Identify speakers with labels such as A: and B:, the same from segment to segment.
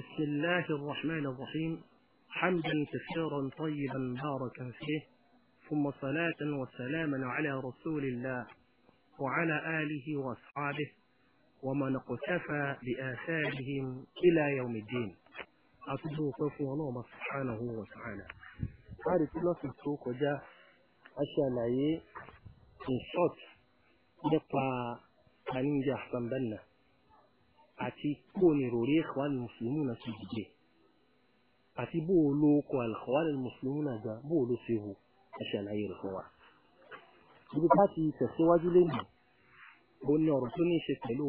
A: بسم الله الرحمن الرحيم حمدا كثيرا طيبا باركا فيه ثم صلاة وسلاما على رسول الله وعلى آله وأصحابه ومن اقتفى بآثارهم إلى يوم الدين أتدو قف ونوم سبحانه وتعالى هذه كلها في السوق وجاء أشياء إن صوت يقع أنجح بنا àti kó ní ròrí ìkọ̀wálì mùsùlùmí náà ti dìde àti bó o lo okò àlùkọ̀wálì mùsùlùmí náà gan bó o lo ṣe wò ẹṣẹ àlàyé rẹ̀ fún wa. ibi ká ti tẹ̀síwájú lónìí ó ní ọ̀rọ̀ tó ní ṣe pẹ̀lú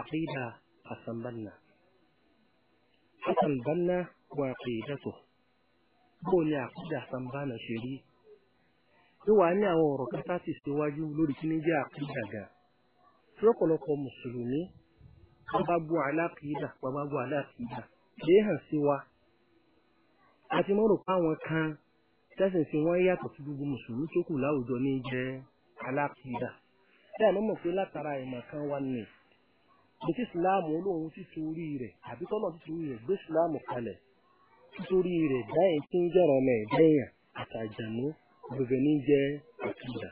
A: àkídà Hasan Banna. Hasan Banna wà àkídàtò bó ni àkídà ṣe rí ló ní àwọn ọ̀rọ̀ kan tá ti ṣíwájú lórí kí ní jẹ́ àkídà gan. tí ọ̀pọ̀lọpọ̀ mùsùlùmí babu alákìídà babu alákìídà lè hàn sí wa a ti mọ́rò pa àwọn kan tẹ́sìn sí wọ́n yàtọ̀ sí gbogbo mùsùlùmí tó kù láwùjọ ní jẹ́ alákìídà bẹ́ẹ̀ ló mọ̀ pé látara ìmọ̀ kan wà ní bíkí ìsìláàmù olóhun títí orí rẹ̀ àbí tọ́nà títí orí rẹ̀ gbé ìsìláàmù kalẹ̀ títí orí rẹ̀ dáhìn tí ń jẹ̀rọ̀ ọmọ ẹ̀dẹ́yàn àtàjànú gbogbo ní jẹ́ àkìídà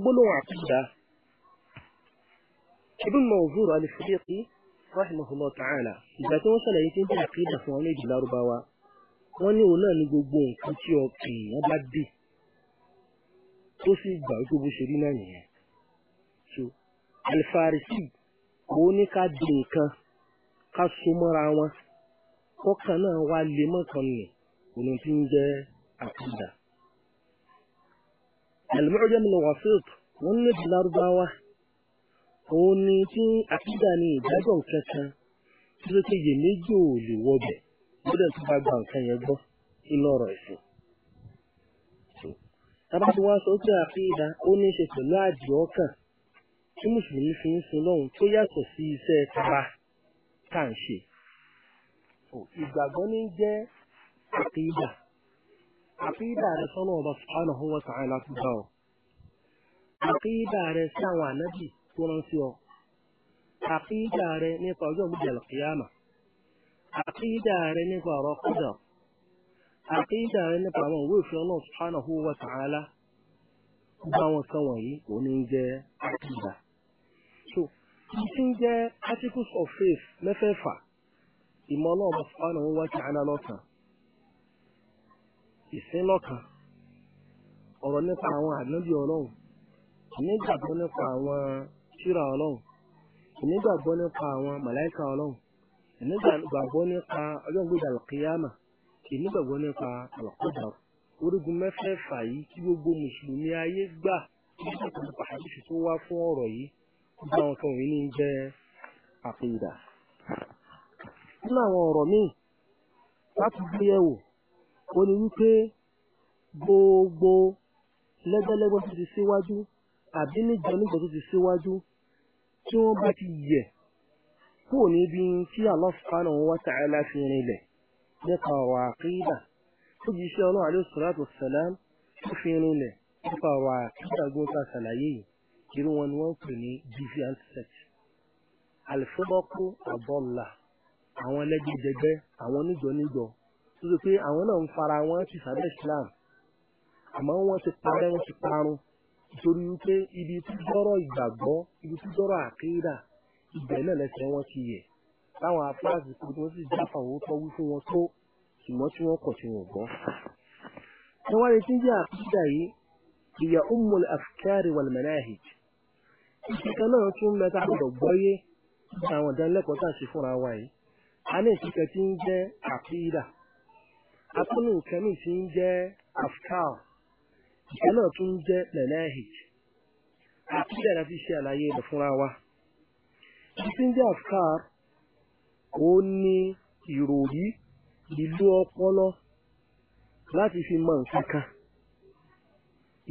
A: gbólóhùn àkìídà ابن منظور الافريقي رحمه الله تعالى ìgbà tí wọ́n ṣàlàyé tí ń jẹ́ àkídà fún àwọn èdè lárúbáwá wọ́n ní òun náà ní gbogbo nǹkan tí ọkàn èèyàn bá dé tó sì gbà wípé bó ṣe rí náà nìyẹn so alifarisi kò ní ká di nǹkan ká so mọ́ra wọn kọ́kàn náà wá lè mọ́kàn nì òun tí ń jẹ́ àkídà. alimọ́jọ́ mi ni wàásù wọ́n ní èdè lárúbáwá òun ni tí àkídà ní ìdájọ́ nǹkan kan tí ó kéye méjì ò lè wọbẹ̀ lọ́dẹ̀ tó bá gba nǹkan yẹn gbọ́ nínú ọ̀rọ̀ ẹ̀sìn. tábà sọ pé ó ní í ṣe pẹ̀lú ọkàn tí mùsùlùmí fi ń sin lọ́hùn tó yàtọ̀ sí iṣẹ́ tara tá à ń ṣe. ìgbàgbọ́ ní jẹ́ sọ́nà ọba subhanahu wa ta'ala tó rán sí ọ àkídà rẹ nípa ọjọ́ gbọ́dọ̀ lọ́kìyàmà àkídà rẹ nípa ọ̀rọ̀ rẹ nípa àwọn òwe ìfẹ́ ọlọ́run subhanahu wa ta'ala jẹ́ so ìsìn jẹ́ articles of faith mẹ́fẹ̀ẹ̀fà ìmọ̀ ọlọ́run subhanahu wa ta'ala lọ́kàn ìsìn lọ́kàn ọ̀rọ̀ nípa àwọn ànábì ọlọ́run nígbàgbọ́ nípa tíra ọlọ́run ìnígbàgbọ́ nípa àwọn màláìka ọlọ́run ìnígbàgbọ́ nípa ọjọ́ ìgbéga alkiyama ìnígbàgbọ́ nípa alkọ́dà orígun mẹ́fẹ̀ẹ̀fà yìí kí gbogbo mùsùlùmí ayé gbà nígbàgbọ́ pàtàkì tó wá fún ọ̀rọ̀ yìí gbogbo àwọn kan yìí ní jẹ́ àpèyìdà. nínú àwọn ọ̀rọ̀ míì láti gbé yẹ̀wò ó ní wípé gbogbo lẹ́gbẹ́lẹ́gbẹ́ tó ti síwájú àbí níjọ níjọ tó ti síwájú tí wọ́n bá ti yẹ̀ kúrò níbi tí Allah subhanahu wa ta'ala fi rinlẹ̀ nípa ọ̀rọ̀ àkídà tó jí iṣẹ́ ọlọ́run alayhi salatu wassalam tó fi rinlẹ̀ nípa ọ̀rọ̀ àkídà gbọ́ta ṣàlàyé yìí irú wọn ni wọ́n pè ní deviant sect alifọ́bọ́kú àbọ́là àwọn ẹlẹ́gbẹ̀jẹgbẹ́ àwọn oníjọ́níjọ́ tó ṣe pé àwọn náà ń fara wọn ti sábẹ́ Islam àmọ́ wọ́n ti parẹ́ wọ́n ti parun torí wípé ibi tó dọ́rọ̀ ìgbàgbọ́ ibi tó dọ́rọ̀ àkéèdà ibẹ̀ náà lẹ́sẹ̀ wọn ti yẹ̀ táwọn afáàsì kò sì jáfa òótọ́ wí fún wọn tó ṣùgbọ́n tí wọ́n kọ̀ tí wọ́n gbọ́. ẹ wá retí umul afkari wal náà tún mẹ́ta gbọ́dọ̀ gbọ́yé àwọn ìdánilẹ́kọ̀ọ́ tá a ṣe fúnra wa yìí a ní ìṣẹ̀kan tí ń jẹ́ àkídà a tún ń jẹ́ ìyẹn náà tún jẹ́ lẹ́lẹ́hìj àkídà láti ṣe àlàyé rẹ̀ fúnra wa títí ń jẹ́ afkar ó ní ìròrí ìlú ọpọlọ láti fi mọ nǹkan kan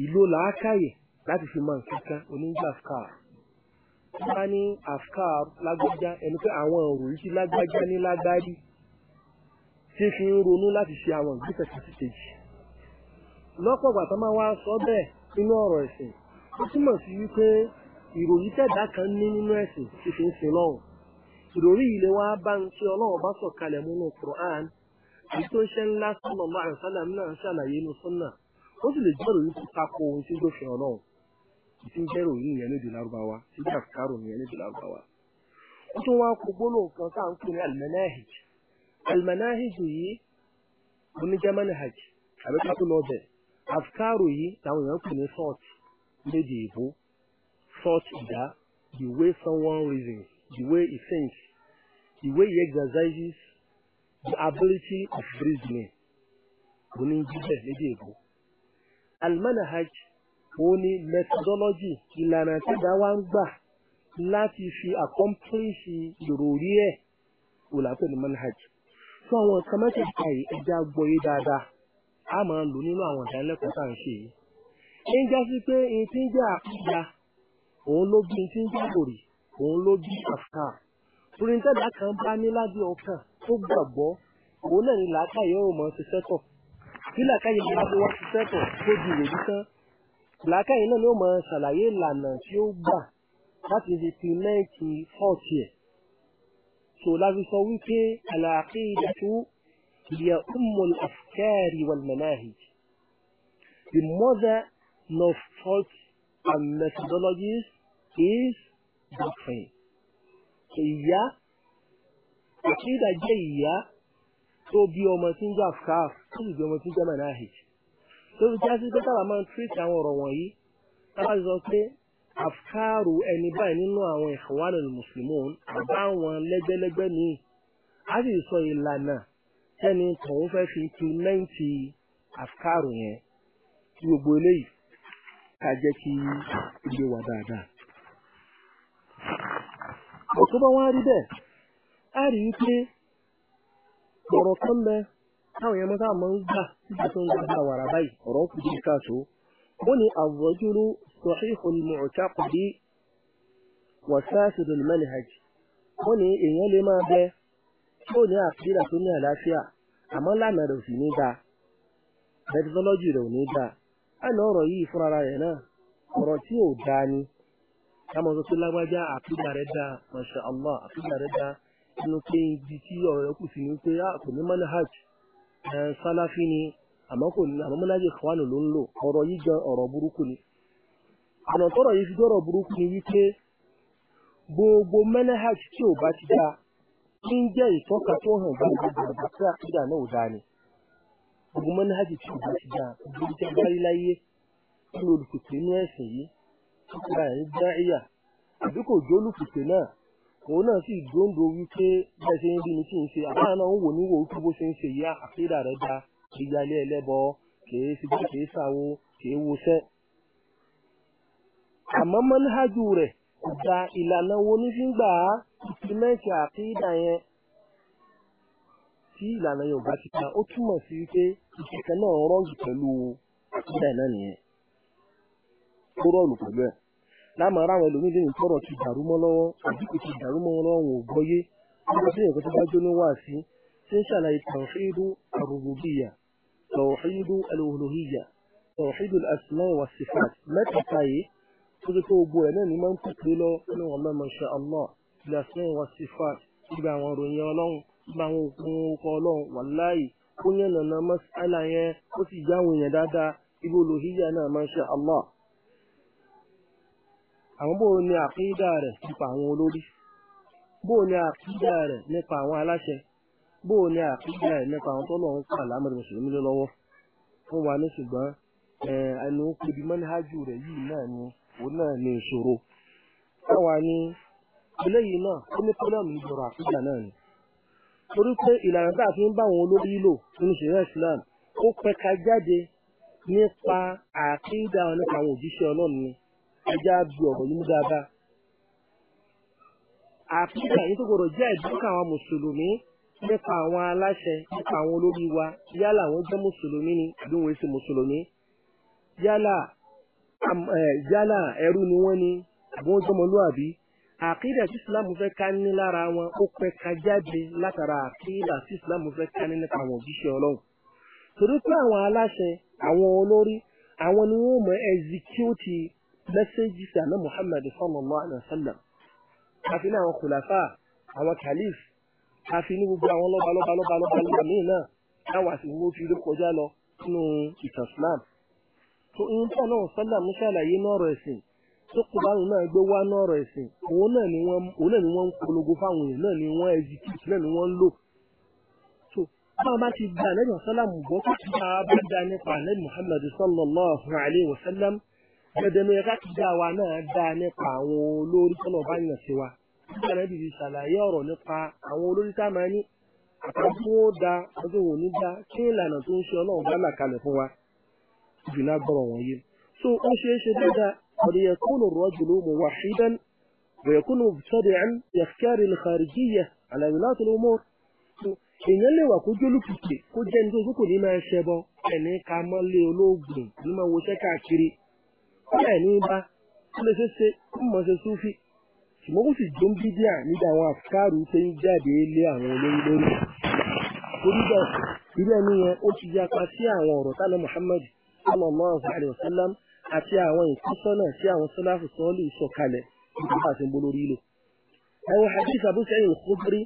A: ìlú làákàyè láti fi mọ nǹkan kan oníjẹ afkar wọ́n bá ní afkar lágbájá ẹni pé àwọn òròrí tí lágbájá ní lágbárí tí fi ń ronú láti ṣe àwọn ìgbésẹ̀ kan sí kejì lọ́pọ̀ ìgbà máa wá sọ bẹ́ẹ̀ nínú ọ̀rọ̀ ẹ̀sìn ó túmọ̀ sí wípé ìròyìn tẹ̀dá kan ní nínú ẹ̀sìn ti fi ń sin lọ́wọ́ ìròrí yìí lè wá bá ń ṣe ọlọ́wọ́ bá sọ̀kalẹ̀ mú nù Qur'an àti tó ń ṣe ńlá sọ́nà máa sálà náà ṣàlàyé inú sọ́nà ó sì lè jẹ́ ìròyìn tó tako ohun tí ó fi jẹ́ ìròyìn lárúbáwá lárúbáwá. ó afikaaro yìí làwọn èèyàn pè ní sort léde èbó salt ìdá the way someone reasons the way he thinks the way he exercises the ability of reasoning òní jíjẹ léde èbó almanahaj òní methodology ìlànà tẹ́gbà wa ń gbà láti fi accomplish ìròrí ẹ̀ wò lápẹ̀ ní manhaj fún àwọn kan mẹ́tẹ̀ẹ̀ta yìí ẹja gbọ́yé dáadáa a máa lò nínú àwọn ìdánilẹ́kọ̀ọ́ tá à ń ṣe yìí ń já sí pé n ti ń jẹ́ àkúgba òun ló bí n ti ń jẹ́ òrì òun ló bí àfà pírintẹ́dà kan bá ní lábẹ́ ọkàn tó gbàgbọ́ òun náà ni làákàyè ò mọ̀ ṣiṣẹ́ tọ̀ bí làákàyè bá bí wọ́n ṣiṣẹ́ tọ̀ tó di ìròyìn tán làákàyè náà ni ó mọ̀ ṣàlàyé ìlànà tí ó gbà láti fi fi mẹ́ẹ̀kì fọ́ọ̀tì ẹ̀ sọ هي أم الأفكار والمناهج The mother of thoughts and methodologies is doctrine. هي àkídà jẹ́ تو tó bí ọmọ تو ń jẹ́ مناهج tó sì bí ọmọ tí ń jẹ́ manahij. Tó fi já sí pé tábà máa ń tírìtì àwọn ọ̀rọ̀ wọ̀nyí sọ pé afkaru ẹni báyìí A tẹ́ni tọ̀hún fẹ́ fi implimẹ́ǹtì àfikàrò yẹn tí gbogbo eléyìí ká jẹ́ kí ilé wa dáadáa. rí bẹ́ẹ̀ á rí i pé ọ̀rọ̀ kan bẹ táwọn èèyàn mọ́tà máa ń gbà nígbà tó ń gbà wàrà báyìí ọ̀rọ̀ kù bí ó ní ó ní èèyàn lè yóò ní àkídà tó ní àlàáfíà àmọ́ lánàá rẹ̀ ò sì ní dáa mẹtọlọ́jì rẹ̀ ò ní dáa àná ọ̀rọ̀ yìí fúnra rẹ̀ náà ọ̀rọ̀ tí ò dáa ni kámọ́ sọ pé lágbájá àkídà rẹ̀ dáa masha allah àkídà rẹ̀ dáa inú pé ibi tí ọ̀rọ̀ rẹ̀ kù sí ni pé ah, kò ní manhaj salafi ni àmọ́ kò ní àmọ́ manhaj ikhwanu ló ń lò ọ̀rọ̀ yìí jẹ́ ọ̀rọ̀ burúkú ni ọ̀nà tọ́rọ̀ yìí fi jọ́rọ̀ burúkú ni wípé gbogbo manhaj tí ò bá ti dáa tí ń jẹ́ ìtọ́ka tó hàn gbàgbàgbà tí àkídà náà ò dáa ni gbogbo mọ́náhàjì tí ò bá ti dáa gbogbo tí a bá rí láyé tí olùpèpè inú ẹ̀sìn yìí tó kúra ẹ̀ ń dá ẹ̀yà àbí kò jó olùpèpè náà na ni da ìyálé ẹlẹ́bọ kìí wo ìpìlẹ̀ṣẹ̀ àkídà yẹn tí ìlànà Yorùbá ti ta ó túmọ̀ sí wípé ìṣẹ̀kẹ́ náà rọ́ọ̀lù pẹ̀lú àkídà náà nìyẹn ó rọ́ọ̀lù pẹ̀lú ẹ̀ láàmú ara àwọn ẹlòmíín lẹ́yìn tọ́rọ̀ ti dàrú mọ́ lọ́wọ́ àbí kò ti dàrú mọ́ lọ́wọ́ wọn ò gbọ́yé nígbà tí èèyàn tó bá jóná wà sí tí ń ṣàlàyé tàwọ̀fíìdù àrùbùbíyà tàwọ̀fíìdù alòhùlòhíyà tàwọ̀fíìdù àsìmọ́ mẹ́tẹ̀ẹ̀ta yìí tó tó gbogbo ẹ̀ náà ní máa ń pèsè lọ nínú ọlọ́mọṣẹ́ Allah bilasẹ́ wa sifat níbi àwọn ìròyìn ọlọ́run níbi àwọn òkun orúkọ ọlọ́run wàláì ó yẹn nànà mọ́sálà yẹn ó sì já àwọn èèyàn dáadáa ibi olùhíyà náà masha Allah. àwọn bó ni àkídà rẹ̀ nípa àwọn olórí bó ni àkídà rẹ̀ nípa àwọn aláṣẹ bó ni àkídà rẹ̀ nípa àwọn tọ́lọ̀ ń pa lọ́wọ́ fún wa ní ṣùgbọ́n ẹnu pẹ̀lú mọ́níhájú rẹ̀ yìí náà ni òun náà ni ìṣòro. eléyìí náà ó ní pọ́lọ́mù ìjọra àfíjà náà ni torí pé ìlànà tá a fi ń bá àwọn olórí lò nínú ìṣẹ̀lẹ̀ Islam ó pẹ̀ka jáde nípa àkídà nípa àwọn òjíṣẹ́ Ọlọ́run ni ẹja bí ọ̀rọ̀ yìí mú dáadáa àkídà yìí tó gbọdọ̀ jẹ́ ìdúkà àwọn mùsùlùmí nípa àwọn aláṣẹ nípa àwọn olórí wa yálà àwọn jẹ́ mùsùlùmí ni àbí wọn èsì mùsùlùmí yálà ẹrú ni wọ́n ni àbí wọ́n jẹ́ ọmọlúwàbí àkídà tí ìsìláàmù fẹ́ ká ní lára wọn ó pẹ́ ká jáde látara àkídà tí ìsìláàmù fẹ́ ká ní nípa àwọn òjíṣẹ́ ọlọ́run torí pé àwọn aláṣẹ àwọn olórí àwọn ni wọ́n mọ ẹ̀zíkíọ́tì mẹ́sẹ́jì sànà Muhammad sallallahu alaihi wasallam àfi ní àwọn kùlàfà àwọn kàlíf àfi ní gbogbo àwọn lọ́ba lọ́ba lọ́ba lọ́ba lọ́ba míì náà táwọn àti wọ́n fi kọjá lọ nínú ìtàn Islam tó ń tọ́ náà sọ́lá mú ṣàlàyé náà rẹ̀ sìn tó kùbánù náà gbé wá náà ọ̀rọ̀ ẹ̀sìn òun náà ni wọ́n ń polongo fáwọn èèyàn náà ni wọ́n execute náà ni wọ́n ń lò. so báwa bá ti gba àlẹ́ mọ̀sálàmù bọ́ tó ti máa bá da nípa àlẹ́ Muhammad sallallahu alayhi wa sallam dandan ni ti dá wa náà dá nípa àwọn olórí tọ́lọ̀ bá yàn sí wa. nígbà náà bìbí ṣàlàyé ọ̀rọ̀ nípa àwọn olórí tá a máa ní àtàkùn ó da ọdún òní da kí قد يكون الرجل موحدا ويكون مبتدعا يختار الخارجية على ولاة الأمور èèyàn lè wà kó jólùkìkì kó jẹ́ ní tó kò ní máa ṣẹbọ ẹni ká mọ́lé olóògùn ní máa wọṣẹ́ káàkiri bẹ́ẹ̀ ní bá ó lè ṣeéṣe ó mọ̀ ṣe súnfì ṣùgbọ́n kó sì jó ń bí díà níbi àwọn àfikárù ṣe ń jáde lé àwọn olórí lórí. torí bẹ́ẹ̀ irú ẹni yẹn ó ti yapa sí àwọn ọ̀rọ̀ tálẹ̀ Muhammad sallallahu alayhi wa sallam àti àwọn ìtọ́sọ́nà tí àwọn sọ́láfù sọ́ọ́lù sọ̀kalẹ̀ nígbà àti bolórí lò. ẹ̀wọ̀n hadith abúsẹ́yìn kúndírí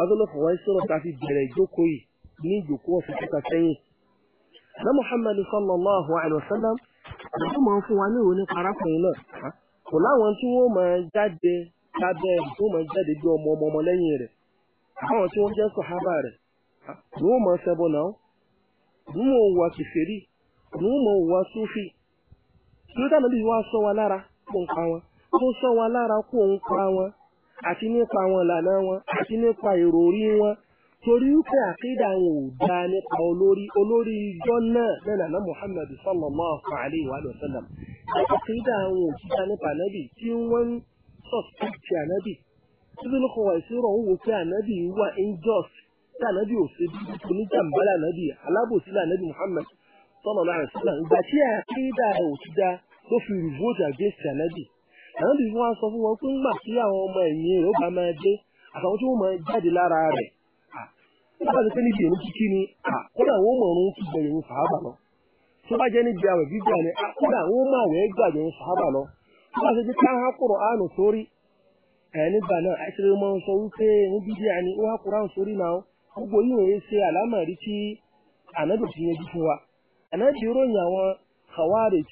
A: adolofo wa sọ̀rọ̀ ta fi bẹ̀rẹ̀ ìjókòó yìí ní ìjókòó ọ̀sẹ̀ kíkà sẹ́yìn. na muhammad sallallahu alayhi wa sallam ló máa ń fún wa ní ìwé nípa arákùnrin náà kò láwọn tí wọ́n máa jáde lábẹ́ tó máa jáde bí ọmọ ọmọ lẹ́yìn rẹ̀ àwọn tí lórí ànábì wá sọ wa lára kó ń pa wọn tó sọ wa lára kó ń pa wọn àti nípa àwọn ìlànà wọn àti nípa èrò orí wọn torí wípé àkídà àwọn ò dá nípa olórí olórí ijọ́ náà lẹ́nà náà Muhammad sallallahu alayhi wa sallam àkídà àwọn ò dá nípa ànábì tí wọ́n ń sọ̀tẹ́tì ànábì síbílù kan wà ìṣirò òun pé ànábì wà injọ́s tí ànábì ò ṣe bí oníjàmbá ànábì alábòsílẹ̀ ànábì Muhammad sọlọ láàrin sílẹ̀ ìgbà tí àkéédà òtítà tó fi rìvóòtì àgẹ́sì ànábì ànábì wọn sọ fún wọn pé ńgbà tí àwọn ọmọ ẹ̀yìn rẹ̀ ó bá máa dé àtàwọn tí wọ́n máa jáde lára rẹ̀ tó bá ni kódà wọn lọ tó bá jẹ́ níbi àwẹ̀ gbígbà ni kódà wọn gbàgbẹ̀ lọ tó bá ti di ká kúrò àánú sọ wípé ń àní ó kúrò àánú ànábì ròyìn àwọn khawarij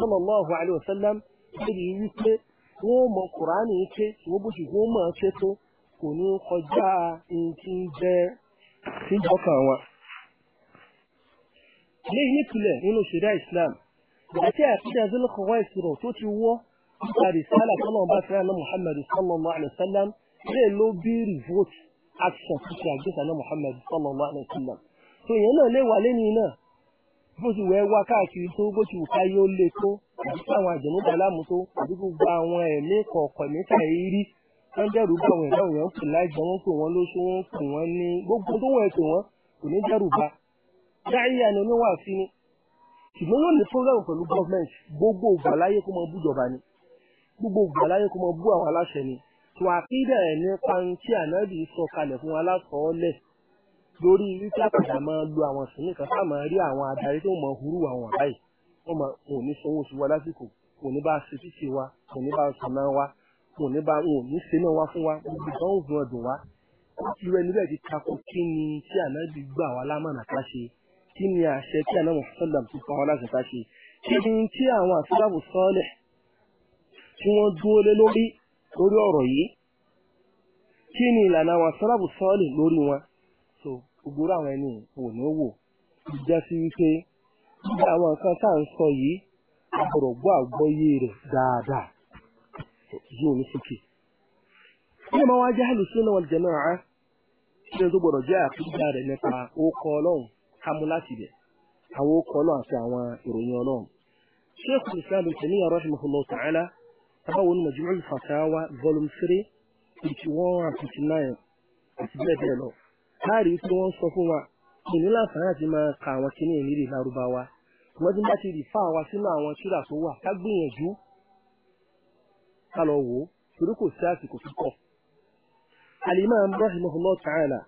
A: sallallahu alayhi wa sallam níbi wípé wọ́n mọ kùránì ké wọ́n bó ṣe wọ́n mọ̀ ṣe tó kò ní kọjá nǹkan jẹ́ síjọ́kàn wọn. eléyìí nípìnlẹ̀ nínú ṣẹ̀dá islam àti àfihàn zilkọ̀wá ìṣirò tó ti wọ́ nípa rìsálà tó náà bá fẹ́ àná muhammad sallallahu alayhi wa sallam lè ló bí revolt action tó ṣe àgbékalẹ̀ muhammad sallallahu alayhi wa tó yẹn náà lè wà lẹ́ni náà bó ti wẹ́ wá káàkiri tó bó ti wù káyé ó le tó àbí káwọn àjẹmúgbà láàmú tó àbí gbogbo àwọn ẹ̀mí kọ̀ọ̀kan níta ìrírí wọ́n dẹ́rù bá àwọn ẹ̀dá òyìnbó pè láìjọ wọ́n pè wọ́n lóṣù wọ́n pè wọ́n ní gbogbo tó wọ́n pè wọ́n kò ní dẹ́rù bá. dáìyà ni oníwà fi ni ṣùgbọ́n yóò ní program pẹ̀lú gọ́ọ̀mẹ̀ntì gbogbo ògbà láyé kó mọ bú ìjọba ni gbogbo ògbà láyé kó mọ bú àwọn aláṣẹ ni tó àkídà ẹ̀ nípa ti ànábì sọ kalẹ̀ fún aláṣọ ọlẹ̀ lórí wípé àpàdà máa lo àwọn sínú kan sáà máa rí àwọn adarí tó mọ hurú àwọn báyìí wọn máa wọn ò ní sanwó oṣù wa lásìkò wọn ò ní bá ṣe títì wa wọn ò ní bá sọnà wa wọn ò ní bá wọn ò ní ṣe náà wá fún wa gbogbo ìtàn òògùn ọdún wa irú ẹni bẹ́ẹ̀ ti takò kí ni tí ànábì gbà wá lámànà ká ṣe kí ni àṣẹ tí ànábì sọ́dàm ti pa wá láti ká ṣe kí ni tí àwọn àtúbàbò sọ́ọ̀lẹ̀ tí wọ́n dúró lé lórí lórí ọ̀rọ̀ yìí kí ni ìlànà àwọn àtúbàbò sọ́ọ̀lẹ̀ lórí wọn gbogbo àwọn ẹni ò ní wò ìjẹ́ sí wípé nígbà àwọn nǹkan tá à ń sọ yìí a gbọ́dọ̀ gbọ́ àgbọ́yé rẹ̀ dáadáa yìí ò ní sókè. Ilé máa wá jẹ́ àlùsùn náà wal jamaa ṣe tó gbọ́dọ̀ jẹ́ àkúgbà rẹ̀ nípa ókọ ọlọ́run kámú láti bẹ̀ àwọn ókọ ọlọ́run àti àwọn ìròyìn ọlọ́run. Sheikh Islam bin Taymiyyah rahimahullah ta'ala báwo ni Majmu' al-Fatawa volume three eighty one and fifty nine àti bẹ́ẹ̀ bẹ́ẹ̀ lọ. a rí pé wọ́n sọ fún wa ìní láǹfààní àti máa ka àwọn kíní ìnírí lárúbáwá wọ́n ti bá ti rì fáwa sínú àwọn tírà tó wà ká gbìyànjú ká lọ wò ó torí kò sí àsìkò púpọ̀. Al-Imam rahimahullah ta'ala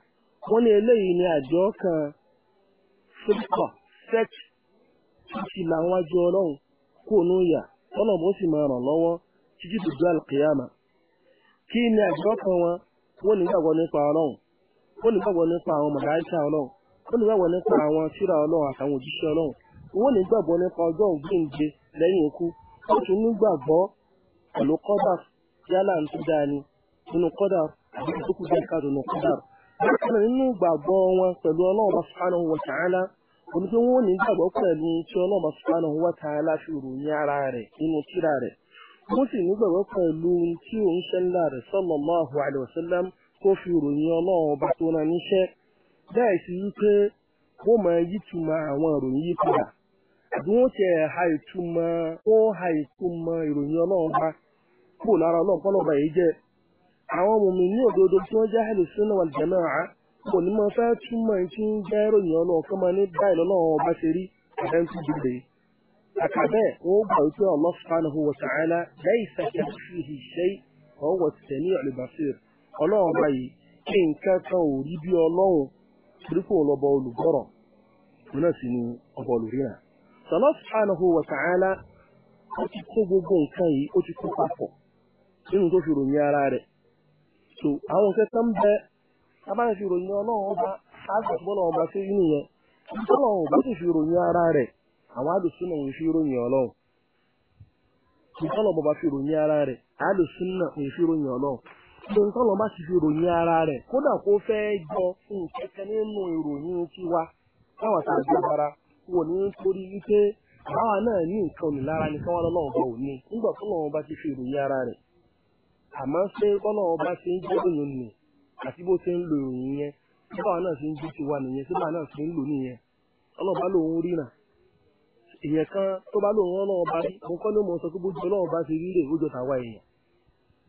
A: wọ́n ní eléyìí ni àjọ kan fúnkọ̀ sẹ́ẹ̀kì tó ti làwọn àjọ ọlọ́run kò ní ìyà tọ́nà bó sì máa ràn lọ́wọ́ títí àlùkìyàmà kí ni àjọ kan wọn wọ́n nígbàgbọ́ nípa ó nígbàgbọ́ nípa àwọn màláìka ọlọ́run ó nígbàgbọ́ nípa àwọn tírà ọlọ́run àtàwọn òjíṣẹ́ ọlọ́run wọ́n nígbàgbọ́ nípa ọjọ́ lẹ́yìn ikú ó tún pẹ̀lú kọ́dà yálà ń dáa ni nínú kọ́dà àbí káàdùn nínú kọ́dà. bákan nínú wọn pẹ̀lú ọlọ́run subhanahu wa wọ́n sì nígbàgbọ́ pẹ̀lú tí òun rẹ̀ kó fi ròyìn ọlọ́run ọba tó rán níṣẹ́ bẹ́ẹ̀ sì wípé wọ́n máa yítumọ̀ àwọn ìròyìn yìí padà àbí wọ́n ti ha ìtumọ̀ ó ha ìtumọ̀ ìròyìn ọlọ́run ọba kó lára ọlọ́run pọ́n yìí jẹ́ àwọn mùmí ní òdodo tí wọ́n jẹ́ àhẹ́lẹ̀ sínú wal jamaa kò ní máa fẹ́ túmọ̀ tí ń jẹ́ ìròyìn ọlọ́run kọ́ máa ní báyìí lọ́lọ́run ọba ṣe rí ọlọ́run báyìí kí nǹkan kan ò rí bí ọlọ́run torí kò lọ́bọ olùgbọ́rọ̀ òun náà sì ni ọbọ olùríran sọlá subhanahu wa ta'ala ó ti kó gbogbo nǹkan yìí ó ti kó papọ̀ tó fi ròyìn ara rẹ̀ so àwọn nǹkan kan bẹ fi ròyìn ọlọ́run ọba àgbàtúbọ̀lọ́run ọba sí inú yẹn ọlọ́run ọba sì fi ròyìn ara rẹ̀ àwọn ń fi ròyìn ọlọ́run fi ròyìn ara rẹ̀ ohun tọ́lọ́ ti fi ròyìn ara rẹ̀ kódà kó fẹ́ jọ nǹkan kan nínú ìròyìn tiwa táwọn tá a gbé agbára wò ní torí wípé àwa náà ní nǹkan òmìnira ni káwọn ọlọ́run bá ní nígbà bá ti fi ròyìn ara rẹ̀ àmọ́ ṣé bá ṣe ń jẹ́ òyìn àti bó ṣe ń lo ìròyìn yẹn tí báwa náà ṣe ń tiwa nìyẹn tí báwa náà ṣe ń lò nìyẹn kan tó bá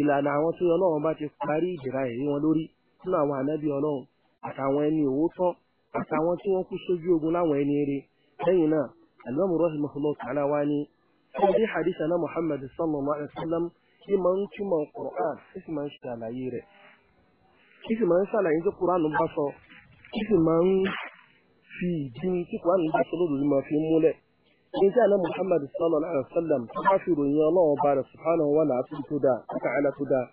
A: ìlànà àwọn tí ọlọ́run bá ti parí ìdìrà ìrí wọn lórí nínú àwọn ànábì ọlọ́run àtàwọn ẹni òótọ́ àtàwọn tí wọ́n kú sójú ogun láwọn ẹni eré lẹ́yìn náà alimami rahimahullah ta'ala wa ni ọdí hadith ana muhammad sallallahu alaihi wasallam kí máa ń túmọ̀ quran kí sì máa ń ṣàlàyé rẹ̀ kí sì máa ń ṣàlàyé tí quran bá sọ sì máa ń fi ìdí tí quran bá sọ máa fi níjẹ́ àná Muhammad sallallahu alayhi wa sallam tó bá fi ròyìn ọlọ́run ọba rẹ̀ subhanahu wa ta'ala tó dáa ta'ala tó dáa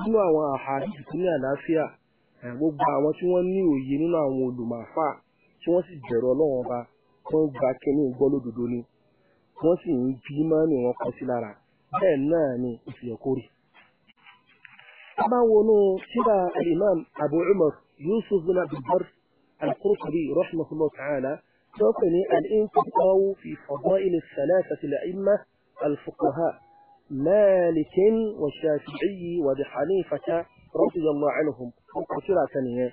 A: nínú àwọn àhàdìsì tó ní àlàáfíà gbogbo àwọn tí wọ́n ní òye nínú àwọn olùmọ̀fà tí wọ́n sì bẹ̀rù ọlọ́run ọba wọ́n gba kínní gbọ́ lódodo ni wọ́n sì ń bí mọ́ni wọn kọ sí lára bẹ́ẹ̀ náà ni ìfìyàkórè. a bá wọnú síra imam abu umar yusuf bin abdulbar al-qurtubi ta'ala tí wọ́n pè ní al-intiqaw fi fadail ath-thalathati al-a'imma al-fuqaha Malik wa Shafi'i wa Abi Hanifa radiyallahu anhum ọkọ̀ tíra kan nìyẹn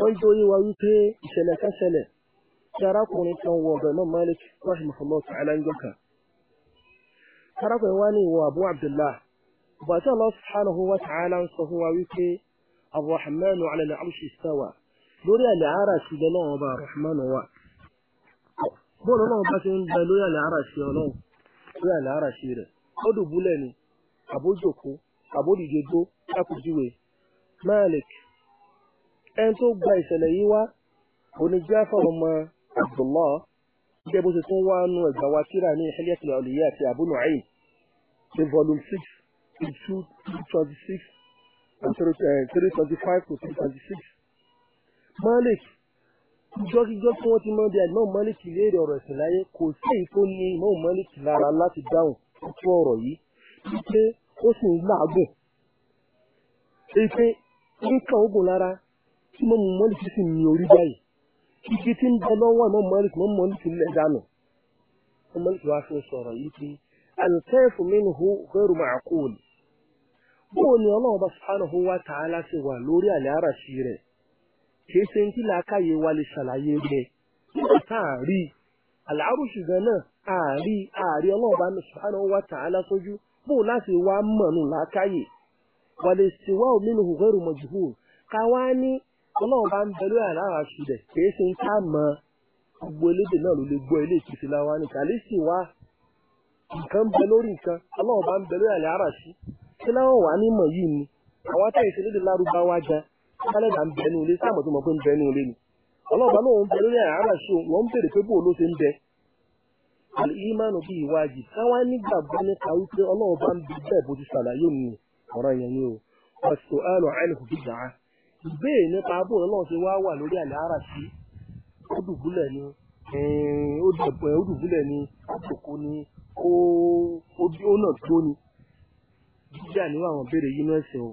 A: wọ́n jó yí wa wípé ìṣẹ̀lẹ̀ kan ṣẹlẹ̀ tí arákùnrin kan wọ ọ̀dọ̀ náà Malik rahimahullah ta'ala ń jọ́ka arákùnrin wa ní ìwọ Abu Abdullah bàtí Allah subhanahu wa ta'ala ń sọ fún wa wípé Ar-Rahmanu 'ala al-'arshi istawa lórí àlẹ́ ara ṣùgbọ́n náà ọba ar wa bọ́ọ̀lù ọlọ́run bá ṣe ń bẹ lórí àlẹ́ ara ṣe ọlọ́run lórí àlẹ́ ara ṣe rẹ̀ ó dùbúlẹ̀ ni àbójòkó lápòjúwe Malik ẹni gba ìṣẹ̀lẹ̀ yìí wá òní jáfà ọmọ Abdullah gẹ́gẹ́ bó ṣe tún wá nu ẹ̀gbà wa kíra ní Hilyatul Awliya àti ní volume six two ìjọ́kíjọ́ tí wọ́n ti mọ bí àgbọn mọ́lìkì léèrè ọ̀rọ̀ ẹ̀sìn láyé kò sí èyí tó ní ìmọ̀ mọ́lìkì lára láti dáhùn tó ọ̀rọ̀ yìí wípé ó sì ń láàgùn wípé nǹkan ogun lára tí mọ́ mọ́lìkì sì ní orí báyìí ibi tí ń lọ́wọ́ ìmọ̀ mọ́lìkì mọ́ mọ́lìkì lẹ̀ dànù mọ́lìkì wá fi ń sọ̀rọ̀ yìí pé àlùtẹ́ẹ̀fù kìí ṣe tí làákàyè wa lè ṣàlàyé rẹ nígbà tá à ń rí àlárùsù gan náà àárí àárí ọlọ́ọ̀bá wa ta'ala sójú bó láti wá mọ̀nù làákàyè wà lè ṣe wá òmìnir hùwẹ́rù ká wá ní ọlọ́ọ̀bá ń kìí ṣe mọ gbogbo elédè náà ló lè gbọ́ ilé ìtìsí láwa ní kàlẹ́ sì wá nǹkan ń bẹ lórí nǹkan ọlọ́ọ̀bá ń kí láwọn wà ní mọ̀ yìí ni àwọn sálẹ̀dà ń ní ilé sáàmù tó mọ̀ pé ń bẹnu ni ọlọ́ọ̀bá náà ń lórí àárà ṣe wọ́n ń bèrè pé bó ló ṣe ń bẹ bíi káwá nígbàgbọ́ nípa wípé ọlọ́ọ̀bá ń o ọ̀sùn àlọ́ àìlùkù gíga nípa ṣe wá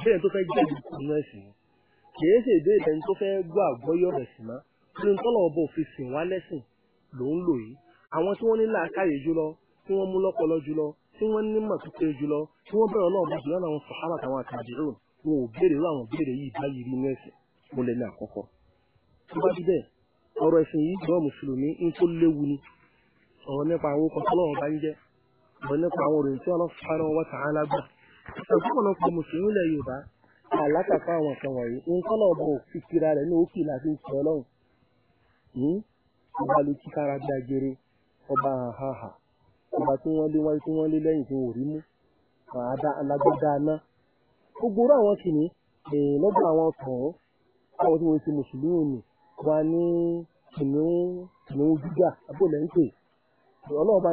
A: bẹ́ẹ̀ tó fẹ́ jáde nínú ẹ̀sìn kìí ṣe ìbéèrè ẹni tó fẹ́ gbọ́ àgbọ́yọ̀ ẹ̀sìn mọ́ nínú tọ́lọ̀ ọba òfin sìn wá lẹ́sìn ló ń lò yìí àwọn tí wọ́n ní làákàyè jùlọ tí wọ́n mú lọ́pọlọ jùlọ tí wọ́n ní mọ̀ tó pé jùlọ tí wọ́n bẹ̀rẹ̀ ọlọ́ọ̀bá jùlọ làwọn sàhábà àtàwọn àtàdérò wọn ò béèrè irú àwọn béèrè yìí báyìí rí inú ẹ̀sìn mo lè ní àkọ́kọ́ tó bá dídẹ̀ ọ̀rọ̀ ẹ̀sìn yìí jọ mùsùlùmí ń tó léwu ni ọ̀rọ̀ ọ̀pọ̀lọpọ̀ mùsùlùmí ilẹ̀ yorùbá àlátàkọ àwọn nǹkan wọ̀nyí nǹkan náà bọ̀ fìkìrà rẹ̀ ní òkè láti ń sọ ọlọ́run hmm? ọba lu kíkára bí ajere ọba àhàhà ọba tí wọ́n lé wáyé tí wọ́n lé lẹ́yìn tí wọ́n rí mú alágbádá aná gbogbo orú àwọn kìnnì lọ́dọ̀ àwọn tí wọ́n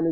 A: ni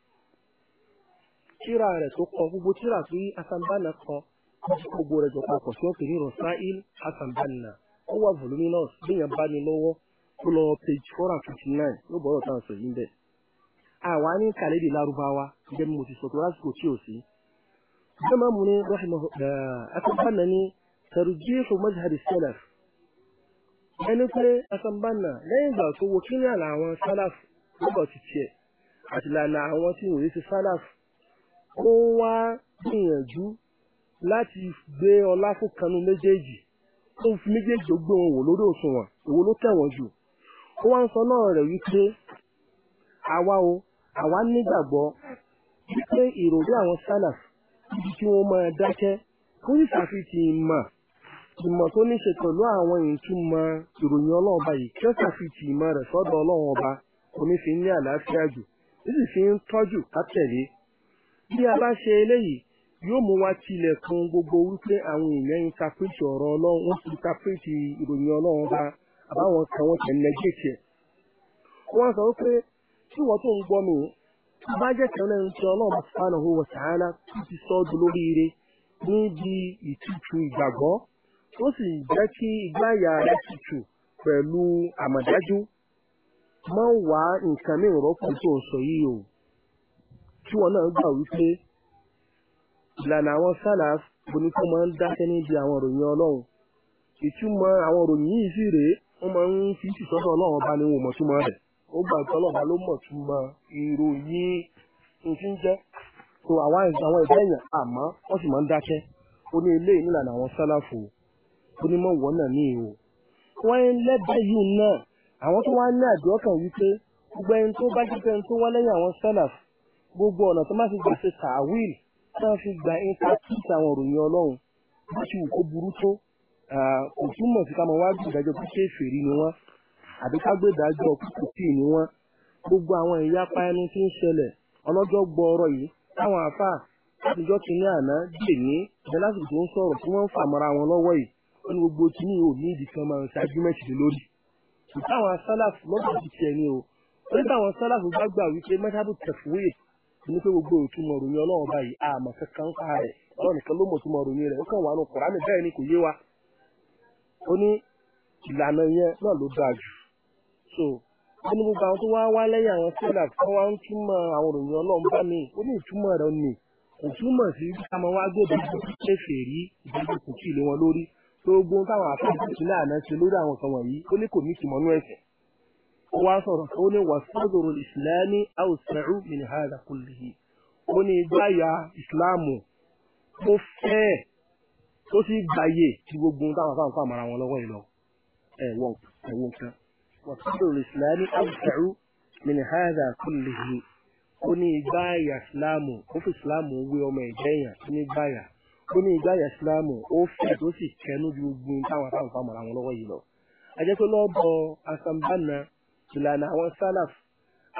A: tíra re tó kọ gbogbo tíra kọ wọ́n gbogbo rẹ̀ jọ papọ̀ ní voluminous bá ní page four and fifty nine ló sọ yìí bẹ̀. àwa ní kàlédè lárúbáwá ìjẹ́ mo ti sọ tó lásìkò tí ò sí. jẹ́mọ̀ mu ní Hassan Banna ní tarjihu mazhab salaf ẹni pé lẹ́yìn ìgbà tó salaf ó wá gbìyànjú láti gbé ọlá fún kanú méjèèjì ó fi méjèèjì ó gbé wọn wò lórí òṣùwọ̀n èwo ló tẹ̀wọ̀n jù ó wá ń sọ náà rẹ̀ wípé àwa o àwa nígbàgbọ́ wípé ìròrí àwọn sálàf ibi tí wọ́n máa dákẹ́ fún ìsàfihàn ìmọ̀ ìmọ̀ tó ní ṣe pẹ̀lú àwọn ìtumọ̀ ìròyìn ọlọ́run yìí kí ó ṣàfihàn ìmọ̀ rẹ̀ sọ́dọ̀ ọlọ́run omi fi ń ní àlàáfíà jù ó sì fi ń tọ́jú kátẹ̀lé Bí a bá ṣe eléyìí, yóò mú wa ti ilẹ̀kùn gbogbo wípé àwọn èèyàn interpret ọ̀rọ̀ Ọlọ́run, wọ́n interpret ìròyìn Ọlọ́run bá àbáwọn kan wọ́n tẹ̀ negate ẹ̀. Wọ́n sọ wípé tí wọ́n tó ń gbọ́ mi, tó bá jẹ́ kan lẹ́nu tí Ọlọ́run subhanahu wa ta'ala tó ti sọ ọ́ dolóríire níbi ìtutù ìgbàgbọ́, ó sì jẹ́ kí ìgbáyà rẹ̀ tutù pẹ̀lú àmọ̀dájú. Má wá nǹkan mìíràn rọ́pò tó sọ yìí o. kí wọn náà gbà wípé ìlànà àwọn sálàf bonítọ́ máa ń dákẹ́ níbi àwọn òròyìn ọlọ́run ìtumọ̀ àwọn òròyìn yìí sì rèé wọ́n máa ń fi ìsọ́sọ́ ọlọ́run ni wọn mọ̀ rẹ̀ ó gbà pé ọlọ́ba ló mọ̀ ìròyìn nfi jẹ́ so àwọn ẹ̀dá èèyàn àmọ́ wọ́n sì máa ń dákẹ́ ó ní ilé ìnílànà àwọn sálàfò ó mọ̀ wọ́n náà ní ìhò wọ́n ń lẹ́bàá yìí náà àwọn tó wá ní gbogbo ọ̀nà tó má fi gbà ṣe tàwíìl tó má fi gbà interpret àwọn òròyìn ọlọ́run bó ti wù kó burú tó kò túmọ̀ sí ká máa wá bí ìdájọ́ tó ṣe fèrí ni wọ́n àbí ká gbé ìdájọ́ kùkù tí ni wọ́n gbogbo àwọn ìyapa ẹnu tí ń ṣẹlẹ̀ ọlọ́jọ́ gbọ́ọ̀rọ̀ yìí táwọn àfáà látijọ́ kìíní àná dè ní ìjọ lásìkò tó ń sọ̀rọ̀ tí wọ́n ń fà mọ́ra wọn lọ́wọ́ yìí wọ́n ní gbogbo kìíní ò ní ìdí kan máa ń ṣáájú mẹ́tìlé lórí. ìtàwọn sálàfù lọ́dọ̀ tiẹ̀ ni o orí táwọn gbàgbà wípé mẹ́tàbù tẹ̀fúwèé ní pé gbogbo ìtumọ̀ ròyìn ọlọ́run báyìí àmọ́ kankan ń pa rẹ̀ ọlọ́run nìkan ló mọ̀ ìtumọ̀ ròyìn rẹ̀ ó kàn wà nù kùránì bẹ́ẹ̀ ni kò yé wa ó ní ìlànà yẹn náà ló dáa jù so ó ní gbogbo àwọn tó wá wá lẹ́yìn àwọn sílẹ̀ tó wá ń túmọ̀ àwọn ròyìn ọlọ́run bá mi ó ní ìtumọ̀ rẹ̀ ni kò túmọ̀ sí ká wá gbé ìdájọ́ ó wá sọ̀rọ̀ kan ó ní wà sọ́dọ̀rọ̀ ìsìláàmì àwùsẹ̀rù mìnìhàdà kùlìhì ó ní ìgbáyà ìsìláàmù tó fẹ́ tó sì gbàyè tí gbogbo ohun táwọn afáǹfà mara wọn lọ́wọ́ ìlọ ẹ̀wọ̀n kan wà sọ́dọ̀rọ̀ ìsìláàmì àwùsẹ̀rù mìnìhàdà kùlìhì ó ní ìgbáyà ìsìláàmù ó fi ìsìláàmù wé ọmọ ìgbẹ́yàn tó ní gbáyà ó ní ìgbáyà ìsìláàmù ó fẹ́ tó sì kẹnu gbogbo ohun táwọn afáǹfà mara wọn lọ́wọ́ ìlànà àwọn salaf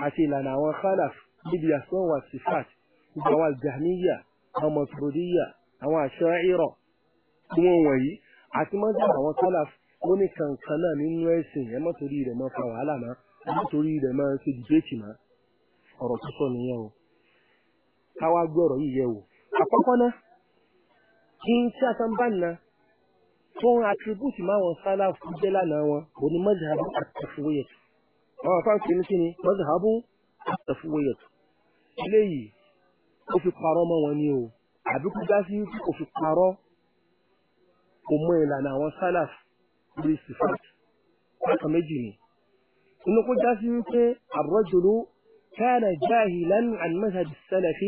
A: àti ìlànà àwọn khalaf níbi àsán wa sifat níbi àwọn aljahmiya àwọn mọ̀tòròdíyà àwọn àṣàírà tí wọ́n wọ̀nyí àti àwọn salaf ó ní kankan náà nínú ẹ̀sìn ẹ̀ mọ́tòrí rẹ̀ mọ́ fa wàhálà mọ́ ẹ̀ mọ́tòrí rẹ̀ mọ́ ṣe dìbẹ́tì mọ́ ọ̀rọ̀ tó sọ nìyẹn o káwá gbé yìí o. náà kí n a fún atributi máa wọn lánàá wọn òní àbúkà tó yẹn àwọn àfáà ń pè ní kíni mọ́sàbù àtẹ̀fúwéyẹ̀ eléyìí ó fi parọ́ mọ́ wọn ni o àbí kú dá sí kò fi parọ́ kò mọ ìlànà àwọn sálàf lórí sifat ọkàn méjì ni inú kó dá sí wípé àbúrọ́jòló كان جاهلا عن مذهب السلف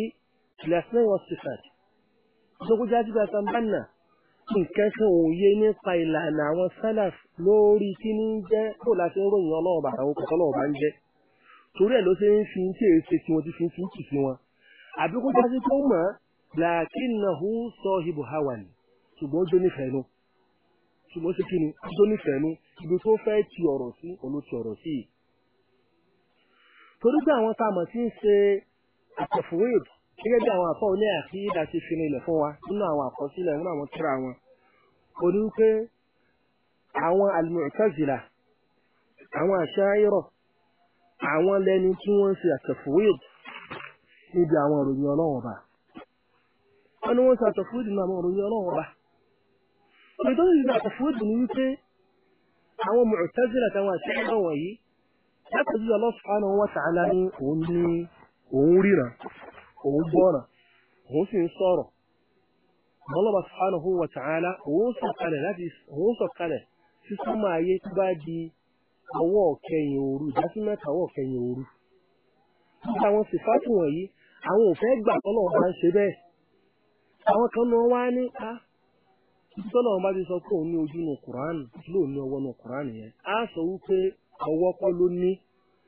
A: في الأسماء والصفات. نقول جاهز بأسماء nǹkan kan ò yé nípa ìlànà àwọn sálàf lórí kí ní jẹ́ kó láti ń ròyìn ọlọ́ọ̀bà àwọn kọ̀ọ̀kan náà bá ń jẹ́ torí ẹ̀ ló ṣe ń fi tí èyí ṣe tiwọn ti fi ń fi kì sí wọn àbí kó jásí tó mọ̀ làákìnnahu sahibu hawa ni ṣùgbọ́n ó jó nífẹ̀ẹ́ nu ṣùgbọ́n ṣe kí ni ó jó nu ibi tó fẹ́ ti ọ̀rọ̀ sí olú ti ọ̀rọ̀ sí yìí torí pé àwọn tá a mọ̀ sí ń ṣe àtẹ̀fúwéèdù gẹ́gẹ́ bí àwọn àfọ́ oní àkíyídà ti fi nílẹ̀ fún wa nínú àwọn àkọsílẹ̀ nínú àwọn tírà wọn ó ní pé àwọn al àwọn Asha'ira àwọn lẹni tí wọ́n ń ṣe àtẹ̀fúwìd níbi àwọn ìròyìn ọlọ́wọ̀n na wọ́n ní wọ́n ṣe àtẹ̀fúwìd nínú àwọn na ọlọ́wọ̀n ọba ọ̀rẹ́ tó ń ṣe àtẹ̀fúwìd ní wípé àwọn àtàwọn wọ̀nyí òun gbọ́nà òun sì ń sọ̀rọ̀ mọ́lọ́bà subhanahu wa ta'ala òun sọ̀kalẹ̀ láti òun sọ̀kalẹ̀ si sánmà ayé ti ba di ọwọ́ kẹyìn òru ìdásí mẹ́ta ọwọ́ kẹyìn òru nípa àwọn sìfátì wọ̀nyí àwọn ò fẹ́ gbà tọ́lọ̀ bá ń kan náà wá ní ká tọ́lọ̀ bá ti sọ pé òun ní ojú nù kùránì ọwọ́ nù kùránì yẹn sọ wípé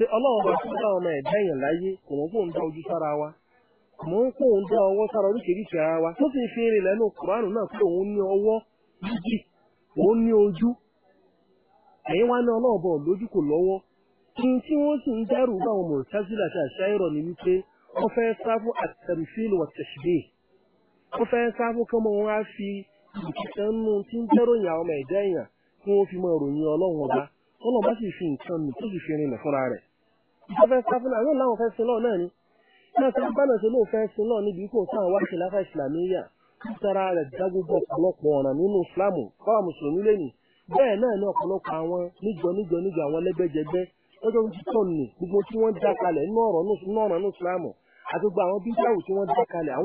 A: sị ọlọ́run bá fún àwọn ọmọ ẹ̀dá èèyàn láyé ndị mọ̀ sara dá ojú sára wa kò mọ̀ fóun dá ọwọ́ sára oríṣiríṣi ara wa tó sì fi eré lẹ́nu kùránù náà pé òun ní ọwọ́ méjì òun ojú ẹ̀yin ní ọlọ́run bọ̀ lójú ụgbọ n tí wọ́n sì ni wípé wọ́n fẹ́ ìjọ fẹ́ sá fún àwọn làwọn fẹ́ sin náà náà ni náà sọ bá náà ṣe lóun fẹ́ sin náà níbi ipò táwọn wá ṣe láfa ìsìlámíyà títara rẹ̀ dágúgbọ̀ ọ̀pọ̀lọpọ̀ ọ̀ràn nínú ìsìlámù fáwọn mùsùlùmí lẹ́nu bẹ́ẹ̀ náà ní ọ̀pọ̀lọpọ̀ àwọn níjọ níjọ níjọ àwọn lẹ́gbẹ́jẹgbẹ́ lọ́jọ́ tí wọ́n dá kalẹ̀ nínú ọ̀rọ̀ nínú ìsìlámù àti gbogbo àwọn bíjáwù tí wọ́n dá kalẹ̀ tí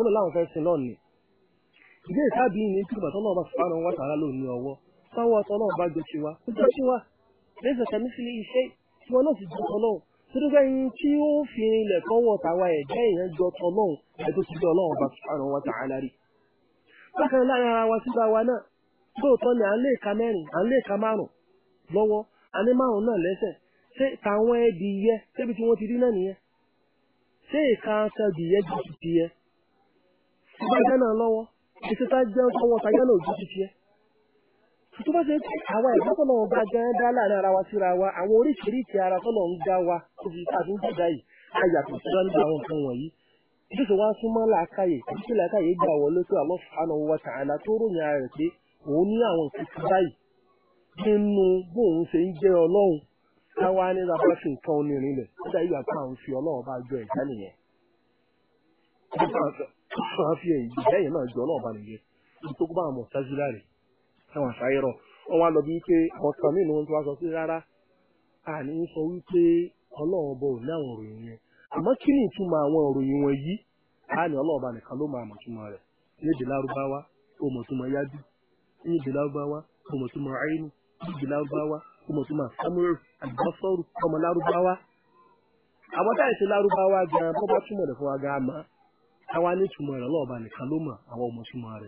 A: wọn náà bá gbé tiwa náà nítorí pé ẹni tí ó fi ilẹ̀ kọ́wọ́ tàwa ẹ̀dá èèyàn jọ tọ́lọ́hùn ẹ̀dọ́ ti bí ọlọ́run bá wa ta'ala rí. bákan ara wa síra wa náà lóòótọ́ ni à ń mẹ́rin à ń márùn-ún lọ́wọ́ a ní márùn-ún náà lẹ́sẹ̀ ṣé tàwọn ẹbí yẹ débi tí wọ́n ti rí náà nìyẹn ṣé ìka ṣẹ́bi yẹ ju ti ti yẹ. ìbájá náà lọ́wọ́ náà ju ti ti yẹ. tó bá ṣe pé àwọn ẹ̀dá tọ́lọ̀ ọba gan dá láàrin ara wa síra wa àwọn oríṣiríṣi ara ń wa tó fi ká fún gbàgbà yìí ayàtọ̀ sí lọ́nà àwọn nǹkan wọ̀nyí ìdíṣe wa súnmọ́ làákàyè làákàyè gbà tó ròyìn ara rẹ̀ pé òun ní àwọn nǹkan báyìí nínú bóun ṣe ń jẹ́ ọlọ́run káwa ní fi jọ ẹ̀dá nìyẹn wọ́n fi ẹwọn àṣàyẹrọ wọn wá lọ bí wípé àwọn kan mí ni wọn tó wá sọ pé rárá àní ń sọ wípé ọlọ́run ọba ò ní àwọn òròyìn yẹn kí ni ìtumọ̀ àwọn òròyìn wọn yìí àní ọlọ́run ọba nìkan ló máa mọ̀ túmọ̀ rẹ̀ ní lárúbáwá ó mọ̀ túmọ̀ yájú lárúbáwá ó àínú lárúbáwá ó samuel ọmọ lárúbáwá àwọn ṣe lárúbáwá gan bọ́ bá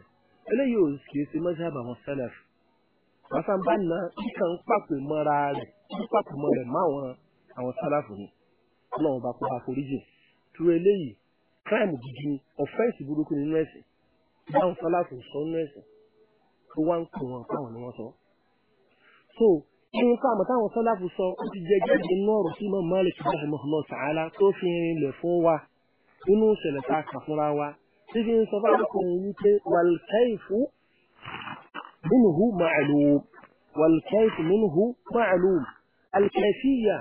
A: eléyìí ò kìí ṣe mọ́sáàbà àwọn sẹ́lẹ̀f pàṣẹbà náà kíkan pàpè mọ́ra rẹ̀ pàpè mọ́ rẹ̀ máwọn àwọn sẹ́lẹ̀f ni ọlọ́run bá kó àforíjì turu eléyìí crime gidi ọ̀fẹ́ǹsì burúkú nínú ẹ̀sìn báwọn sẹ́lẹ̀f sọ nínú ẹ̀sìn tó wá ń pè wọn káwọn ni wọ́n sọ. so ìrìn fáàmù táwọn sẹ́lẹ̀f sọ ó ti jẹ́ gẹ́gẹ́ inú ọ̀rọ̀ tí mọ̀ mọ́lẹ̀ kí wọ́n mọ̀ síbi ń sọ fáwọn ọkùnrin wípé wàlkẹ́ìfù minhu ma'lum wàlkẹ́ìfù minhu ma'lum alkẹ́fíyà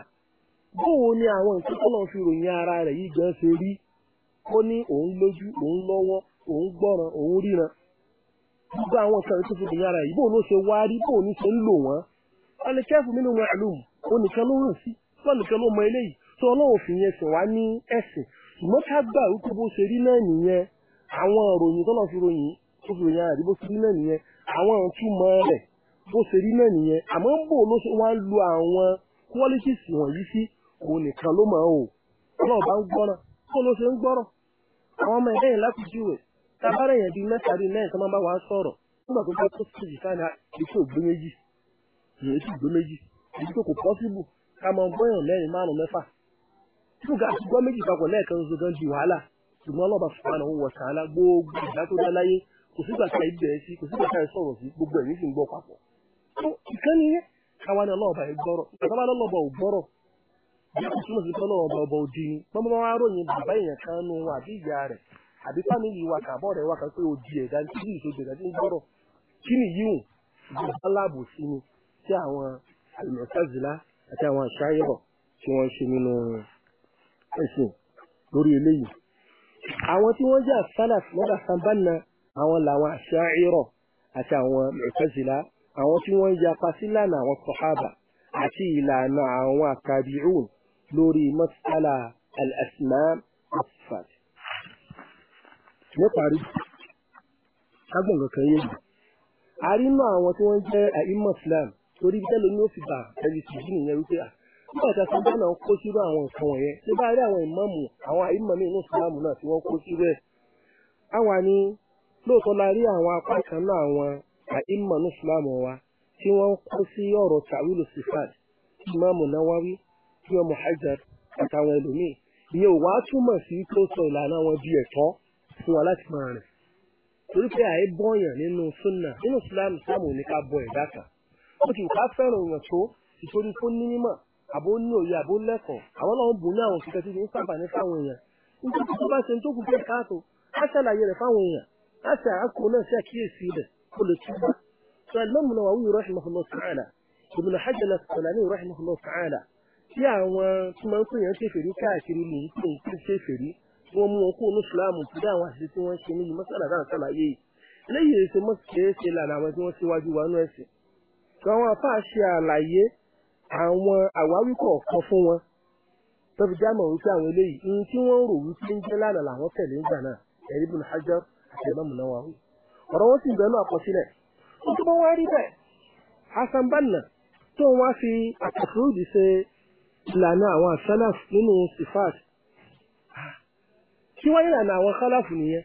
A: bóò ni àwọn nǹkan tó lọ fi ròyìn ara rẹ̀ yìí gan ṣe rí ó ní òun lójú òun lọ́wọ́ òun gbọ́ràn òun ríran gbogbo àwọn nǹkan tó fi ròyìn ara yìí bóò ló ṣe wá rí bóò ní ṣe ń lò wọ́n alkẹ́fù minhu ma'lum onìkan ló hàn sí lọ́nìkan ló mọ eléyìí tó ọlọ́wọ́ fi yẹn sìn wá ní ẹ̀sìn ṣùgbọ́n ká gbà wípé bó ṣe rí náà nìyẹn àwọn ìròyìn tọ́nà fi ròyìn tó fi ròyìn àdìbò sí rí náà nìyẹn àwọn ìtumọ̀ rẹ̀ bó ṣe rí náà nìyẹn àmọ́ ń bò ló ṣe wá ń lo àwọn qualities wọ̀nyí sí òun nìkan ló mọ̀ ọ́ ọlọ́ọ̀bá ń gbọ́ràn bó ló ṣe ń gbọ́ràn àwọn ọmọ ẹ̀dẹ́yìn láti júwèé tabara yẹn di mẹ́ta di mẹ́rin tó máa bá wa sọ̀rọ̀ nígbà tó bá tó sèjì ká ní ètò ògbó méjì ṣùgbọ́n Allah subhanahu wa ta'ala gbogbo ìdá tó dá láyé kò sígbà tá ìbẹ̀rẹ̀ sí kò sígbà tá ìsọ̀rọ̀ sí gbogbo ẹ̀mí sì ń gbọ́ papọ̀. ìkànnì yẹn káwa ni Allah ọba ẹ̀ gbọ́rọ̀ ìkànnì Allah ọba ò gbọ́rọ̀ bí kò túmọ̀ sí pé Allah ọba ọba òdi ni wọ́n bá wá ròyìn bàbá èèyàn kan nu wọn àbí ìyá rẹ̀ àbí fámìlì wa kàbọ̀ rẹ̀ wa kan pé òdi ẹ̀dá ní tíjú ìṣòjò ẹ̀dá tí lórí eléyìí àwọn tí wọ́n jẹ́ salaf lọ́dà sambanna àwọn làwọn asha'ira àti àwọn mu'tazila àwọn tí wọ́n yapa sí lánàá àwọn sahaba àti ìlànà àwọn àtàbíùn lórí mas'ala al-asma as-sifat. níparí kágbọ̀n kankan yé yìí a àwọn tí wọ́n jẹ́ àìmọ̀ islam torí bí tẹ́lẹ̀ ní ó fi bà ẹ̀yìn sí nìyẹn wípé ah, nígbà tí a sọ bẹ́ẹ̀ náà kó sírú àwọn nǹkan wọ̀nyẹn tí bá rí àwọn ìmáàmù àwọn àìmọ̀mí inú ìsìlámù náà tí wọ́n kó sírú ẹ̀. àwa ni lóòótọ́ la rí àwọn apá kan náà àwọn àìmọ̀ inú ìsìlámù wa tí wọ́n kó sí ọ̀rọ̀ tàwílù sifat tí ìmáàmù Nawawi tí wọ́n Hajar àtàwọn ẹlòmíì ìyẹn ò wá túmọ̀ sí tó sọ ìlànà wọn di ẹ̀tọ́ fún wa láti máa rìn torí pé àì bọ́yàn nínú súnà nínú ìsìlámù ìsìlámù ò ní ká bọ ẹ̀dá àbó ní òye àbó lẹ́kọ̀ọ́ àwọn náà ń bù ní àwọn òṣìṣẹ́ títí ń sàǹfààní fáwọn èèyàn nítorí tó bá ṣe ń tó kù bẹ́ẹ̀ káàtó á ṣàlàyé rẹ̀ fáwọn èèyàn á ṣe àákò náà ṣe àkíyèsí rẹ̀ kó lè tún bá. sọ ẹlẹ́mu náà wàwí rahimahullah ta'ala ibn hajjal as-Asqalani rahimahullah ta'ala tí àwọn tí máa ń pè yẹn ṣe fèrí káàkiri ní ìpín ìpín ṣe fèrí wọn mú wọn kó ní Islam tí dá àwọn àṣìṣe tí wọn ṣe níbi mọ́sálà náà ṣàlàyé yìí eléyìí èso mọ́sálà ṣe lànà àwọn tí wọ́n ṣíwájú wa nú ẹ̀sìn. tí àwọn afáà ṣe àlàyé àwọn àwáwí kọ̀ọ̀kan fún wọn tó fi já mọ̀ wípé àwọn eléyìí ihun tí wọ́n ń rò wípé ń jẹ́ lánàá làwọn tẹ̀lé nígbà náà ẹ̀rí Ibn Hajar àti Imam Nawawi ọ̀rọ̀ wọn sì ń bẹ̀rù àkọsílẹ̀ tó bá wá rí bẹ́ẹ̀ Hasan Banna tó wá fi àtàkùrúdì ṣe ìlànà àwọn àṣálàf nínú sifat kí wọ́n yìí àwọn kálàfù nìyẹn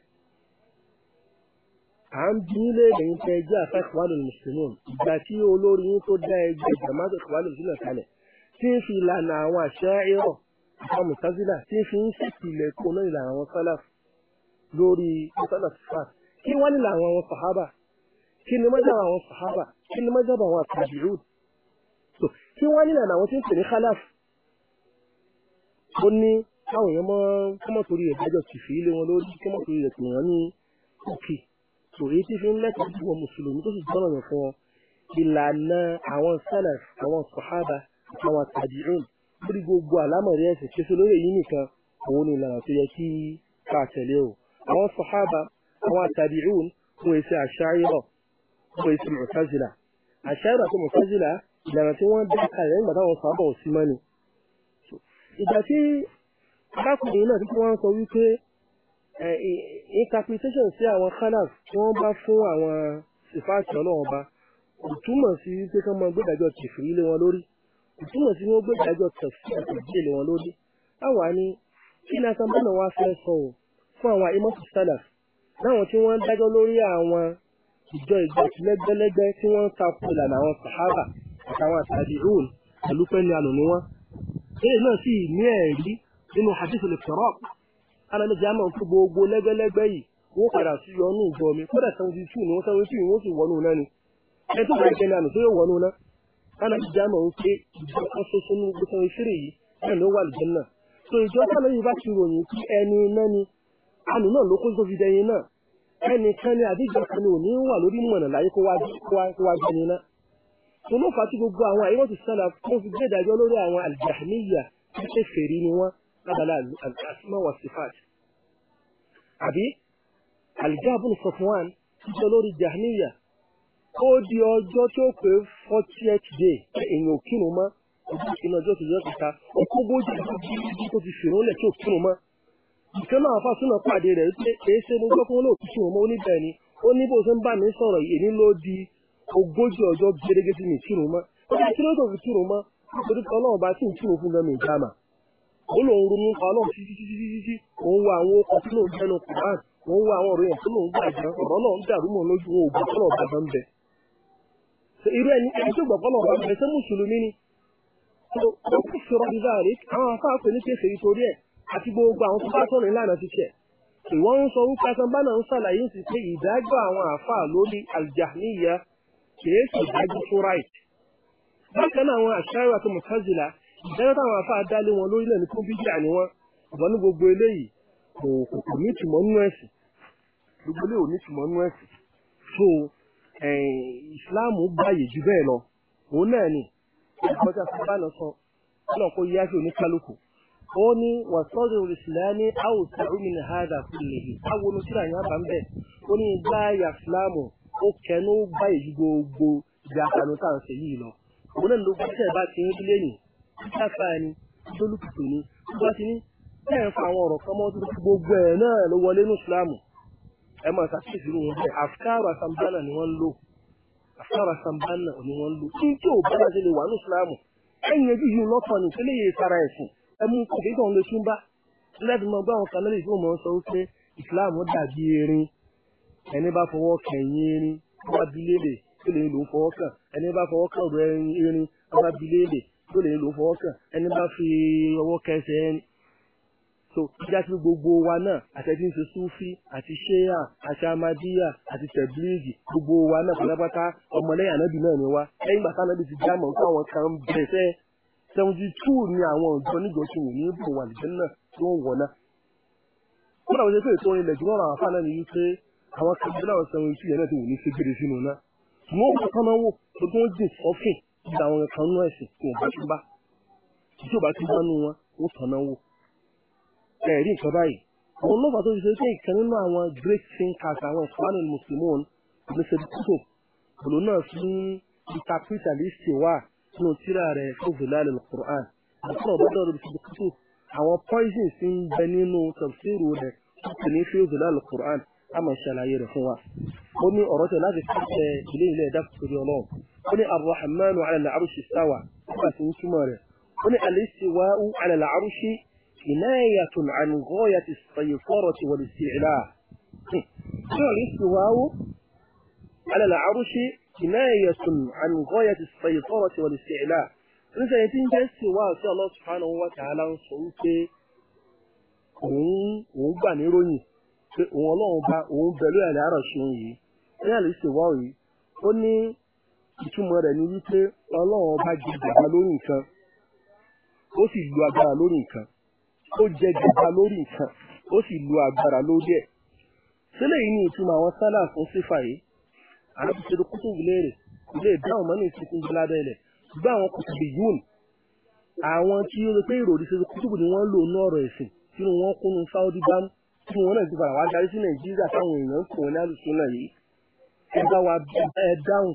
A: à ń bí léèrè yín tẹ ẹgbẹ́ àfa Ikhwanul Muslimun ìgbà tí olórí yín tó dá ẹgbẹ́ Jama'at Ikhwanul Muslimin kalẹ̀ tí ń fi ìlànà àwọn àṣẹ ẹ̀rọ àwọn mùtazílà tí ń fi ń ṣèpìlẹ̀ kó náà ìlànà àwọn sálàf lórí sálàf fà kí wọ́n nílò àwọn àwọn sàhábà kí ni mọ́jà àwọn sàhábà kí ni mọ́jà àwọn àtàbíyù kí wọ́n nílò àwọn tí ń pè kálàf ó ní káwọn èèyàn mọ́ kọ́mọ́tòrí ẹ̀dájọ́ kìfì ilé wọn lórí kọ́mọ́tòrí ẹ̀kùnrin ní òkè tòrí tí fi ń lẹ́tọ̀ọ́ sí wọn mùsùlùmí tó sì jọ́nà yàn fún wọn ìlànà àwọn salaf àwọn sàhábà àwọn tàbíùn lórí gbogbo àlámọ̀rí ẹ̀sìn tí ó lórí èyí nìkan òun ni ìlànà tó yẹ kí ká tẹ̀lé o àwọn sàhábà àwọn tàbíùn fún èsì àṣàyọ̀ fún èsì mùtazìlà àṣàyọ̀ àti mùtazìlà ìlànà tí wọ́n dá kalẹ̀ nígbà táwọn sàhábà ò sí mọ́ni. ìgbà tí arákùnrin náà incapitation sí àwọn khanaf tí wọ́n bá fún àwọn ìfáàtì ọlọ́run ọba kò túmọ̀ sí pé kí wọ́n gbé ìdájọ́ tìfìrí lé wọn lórí kò túmọ̀ sí wọ́n gbé ìdájọ́ tẹ̀sí àtẹ̀jí wọn lórí. ni kí ni wa fẹ́ sọ o fún àwọn imọ́tò salaf láwọn tí wọ́n dájọ́ lórí àwọn ìjọ ìjọ lẹ́gbẹ́lẹ́gbẹ́ tí wọ́n ń takò ìlànà àwọn àtàwọn àtàdé pẹ̀lú anáníjà máa ń fún gbogbo lẹ́gbẹ́lẹ́gbẹ́ yìí wọ́n padà sí yọ ní ìjọ mi kódà seventy two ni wọ́n seventy two wọ́n sì wọnú náà ni ẹni tó bẹ̀rẹ̀ jẹ́ni àná tó yóò wọnú náà anáníjà máa ń pé ìjọ kan ṣoṣo ní gbogbo seventy three yìí náà ló wà lùjẹ́ náà so ìjọ náà lóyún bá ti ròyìn kí ẹni náà ni àmì náà ló kó sófi dẹyin náà ẹnìkan ni àdíjọ kan ni ò wà lórí mọ̀nà láyé kó wá jẹni náà olófàá tí gbogbo àwọn àyẹ̀wò ti sálà fún fi gbé ìdájọ́ lórí àwọn àlìjàmíyà ẹ̀fẹ̀rí ni wọ́n lábàlá àsìmọ́ wà sífàt àbí aljabun sofwan tó lórí jahmiya ó di ọjọ́ tó pé forty eight day èèyàn ò kírun mọ́ ọjọ́ ìkíni ọjọ́ kejì ọjọ́ kẹta ogójì ọjọ́ tó pàdé rẹ̀ wípé èéṣe mo gbọ́ pé wọn ò tún oníbẹ̀ ni ó ní bó ṣe ń bá mi sọ̀rọ̀ èyí ló di ogójì ọjọ́ gẹ́gẹ́ tí mi kírun mọ́ ó ní kí ló tó fi kírun mọ́ nítorí pé ọlọ́run bá tí ń fún gan mi ìjàmà ó lòun ronú nípa ọlọ́run títí títí títí òun wo àwọn ọkọ̀ tí lòun jẹ́nu Quran òun wo àwọn òròyìn tí lòun gbà jẹ́ ọ̀rọ̀ náà ń dàrú mọ́ lójú wọn ògbà kọ́lọ̀ bàbá ń bẹ. irú ẹni ẹni tó gbà kọ́lọ̀ bàbá ń bẹ ṣé mùsùlùmí ni. ọkọ̀ sọ̀rọ̀ ìdá rẹ̀ àwọn afáàpẹ ní kéṣe ìtorí ẹ̀ àti gbogbo àwọn tó bá sọ̀rọ̀ ìlànà ti ṣẹ̀. ìwọ́n ń sọ wípé asanbánà ń ṣàlàyé sí pé ìdájọ́ àwọn àfáà lórí aljahmiya kìí ṣe ìdájọ́ fúráìtì. bákan náà àwọn àṣàyọ̀ àti mùtazìlá ìdájọ́ táwọn afá dálé wọn lórí náà ní kún bíjà ni wọ́n ọ̀gbọ́n ní gbogbo eléyìí kò kò ní ìtumọ̀ nínú ẹ̀sìn gbogbo eléyìí ò ní ìtumọ̀ nínú ẹ̀sìn so ìsìláàmù báyìí ju bẹ́ẹ̀ lọ òun náà ni ọgbọ́n tí a fún báyìí sọ ọlọ́kọ̀ yíyá sí oníkálukú ó ní wàsọ́ọ̀dù ìsìláàmù àwòsàn òmìnira hàdà fún ní gbáyà ìsìláàmù gbogbo yìí lọ ìjáfà ni ìdólùkùtù ni tó ti ní bẹ́ẹ̀ ń fa àwọn ọ̀rọ̀ kan mọ́ tó gbogbo ẹ̀ náà ló wọlé ní ìsìláàmù ẹ máa ṣàkíyèsí ní wọn bẹ́ẹ̀ afkar asambana ni wọ́n ń lò afkar asambana ni wọ́n ń lò kí n tí ò bá láti lè wà ní ìsìláàmù ẹ̀yìn ẹjú yìí lọ́tọ̀ ni tó lè yẹ sara ẹ̀sìn ẹ mú kọ̀ọ̀kẹ́tọ̀ ń lè tún bá láti ẹni bá fọwọ́ kẹ̀yìn erin wọ́n bí léde tó tó lè lò fọwọ́ kàn ẹni bá fi ọwọ́ kẹsẹ̀ ẹni so ìjà sí gbogbo wa náà àtẹ̀tí ń ṣe súfì àti ṣéyà àti amadíyà àti tẹ̀blíìgì gbogbo wa náà pátápátá ọmọlẹ́yìn ànábì náà ni wa lẹ́yìn bàtà ànábì ti dáàmọ̀ nípa àwọn kan bẹ̀rẹ̀ sẹ́ seventy two ni àwọn ọ̀dọ́ níjọ́sìn ní ìbò wà lẹ́yìn náà tí wọ́n wọ̀ náà. wọ́n náà wọ́n ṣe pé ètò ilẹ̀ jùlọ àwọn afáàná ni wípé àwọn kan bí láwọn seventy two yẹn náà ti wò ní ṣe gbére sínú náà. ṣùgbọ́n gba àwọn kan nú ẹ̀sìn tí ò bá tún bá tí ò bá tún bá nú wọn ó tọ̀nà wò ẹ̀rí nǹkan báyìí àwọn ọlọ́fà tó ti ṣe pé ìkan nínú àwọn great thinkers àwọn ìfúnwánì mùsùlùmí ọ̀nẹ́sẹ̀dì kútò òlò náà fún ìtàpítàlìsì wà nínú tíra rẹ̀ fún vìlálẹ̀ lọ́kùnrán àti ọ̀bọ̀dọ̀ rẹ̀ ti kútò àwọn poison ti ń bẹ nínú tafsiru rẹ̀ tó ní fún vìlálẹ̀ lọ́kùnrán a máa ṣàlàyé rẹ̀ fún wa ó ní ọ̀rọ̀ tẹ̀ láti fẹ́ ilé ilẹ̀ ẹ̀dá kúrò ó ní arrahmanu ala al'arushi stawa nígbà tí ń túmọ̀ rẹ̀ ó ní alistiwa'u ala al'arushi kinayatun an ghayati sayyifarati wal isti'la alistiwa'u ala al'arushi kinayatun an ghayati sayyifarati wal isti'la nígbà tí ń jẹ́ istiwa sí Allah subhanahu wa ta'ala ń sọ wípé òun gbà níròyìn pé òun ọlọ́run bá òun bẹ̀lú ẹ̀rẹ́ àrọ̀ṣe yìí ní àlè ìṣèwọ́ yìí ó ní ìtumọ̀ rẹ̀ ni wípé ọlọ́run ọba jẹ gàba lórí nǹkan ó sì lu agbára lórí nǹkan ó jẹ gàba lórí nǹkan ó sì lu agbára lórí ẹ̀ sílẹ̀ yìí ni ìtumọ̀ àwọn sálà fún sífà yìí alábùsẹ̀rù kútù léèrè ilé ìdáhùn mọ́nì ìsìnkú ńlẹ́dẹ́ ilẹ̀ ṣùgbọ́n àwọn kùtù bí yún àwọn tí ó rí pé ìròrí ṣe kútùbù ni wọ́n lò ní ọ̀rọ̀ ẹ̀sìn tí wọ́n kúnnu sáúdí bámú tí wọ́n náà ti fara wá darí sí nàìjíríà táwọn èèyàn ń pè wọ́n ní àlùsùn náà yìí ẹ bá wa ẹ dáhùn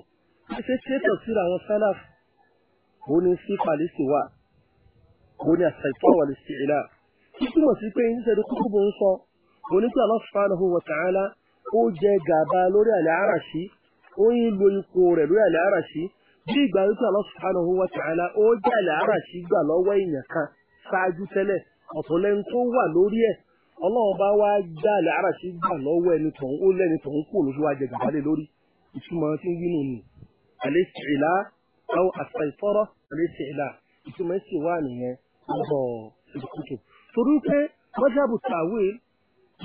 A: ṣe ṣe tọ̀síra àwọn sálàf ó ní sí pàlísì wà ó ní àṣàìtọ́ wà lè ṣe ìlà kí túmọ̀ sí pé ní sẹ́dí kúkú bó ń sọ ó ní pé Allah subhanahu wa ta'ala ó jẹ gàba lórí àlẹ́ àràṣí ó ń lo ipò rẹ̀ lórí àlẹ́ àràṣí bí ìgbà wípé Allah subhanahu ó jẹ àlẹ́ àràṣí gbà lọ́wọ́ èèyàn kan ṣáájú tẹ́lẹ̀ tó wà lórí al-isti'la aw as-saytara al-isti'la ìtumọ̀ sì wà nìyẹn ọ̀bọ̀ ìdókòtò. torí pé mọ́jábù tàwé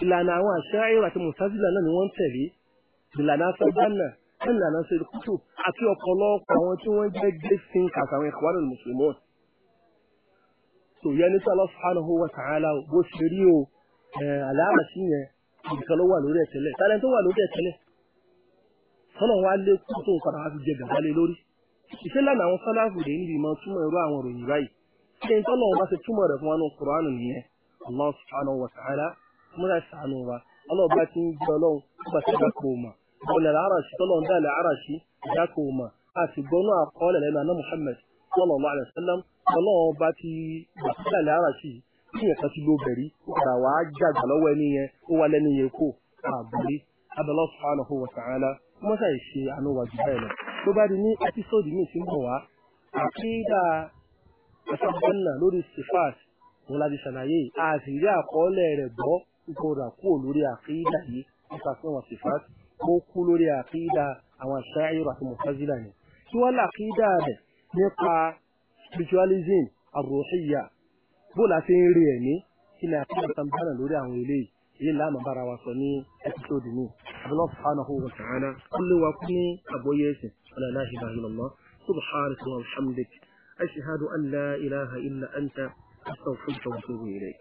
A: ìlànà àwọn àṣàyẹ̀wò àti mùsàzìlà náà ni wọ́n tẹ̀lé ìlànà afẹ́gbánà ìlànà sèdókòtò àti ọ̀pọ̀lọpọ̀ àwọn tí wọ́n jẹ́ gẹ́sìn kàtàwọn ìkọ̀wárò mùsùlùmọ́ tó yẹ ní sọlọ subhanahu wa ta'ala bó ṣe rí o sí yẹn nìkan ló wà lórí ẹ̀ tọ́nà wa lé kú tó nǹkan àwọn fi jẹ gàdá lé lórí ìṣẹ́ lánàá àwọn sálàfù rẹ̀ níbi ìmọ̀ túmọ̀ ẹ̀rọ àwọn ròyìn báyìí ṣé ń tọ́nà ọba ṣe túmọ̀ rẹ̀ fún wa ní kùránù nìyẹn Allah subhanahu wa ta'ala múra ṣàánú wa ọlọ́ọ̀bá ti ń gbé ọlọ́run nígbà tí ìjà kò mà ọlẹ̀ àràṣì tọ́nà ń dàlẹ̀ àràṣì ìjà kò mà a sì gbọ́nú àkọọ́lẹ̀ lẹ́nu àná Muhammad sallallahu alaihi mọ́sà ìṣe ànúwàjú báyìí lọ tó bá di ní ẹ́písòdì míì tí ń bọ̀ wá àkídà àtàbọ̀nà lórí sifas òun láti ṣàlàyé àṣírí àkọọ́lẹ̀ rẹ̀ gbọ́ gbọ́dọ̀ kúrò lórí àkídà yìí nípa fún àwọn sifas ó kú lórí àkídà àwọn aṣááyọ̀ àti mọ̀tàzílà ni kí wọ́n là àkídà rẹ̀ nípa spiritualism àròhìyà bó la fi ń rí ẹ̀mí kí ni àkídà tàbí lórí àwọn eléyìí yìí láàmú bára wa sọ ní ẹpísódì mi abúlọ́ subhanahu wa ta'ala kúlẹ̀ wa kú ní àgbóyè ẹ̀sìn ọ̀nà láàṣì bá yìí lọ́mọ́ subhanaka wa alhamdulilayi ashihadu an la ilaha illa anta astaghfiruka wa atubu ilayk.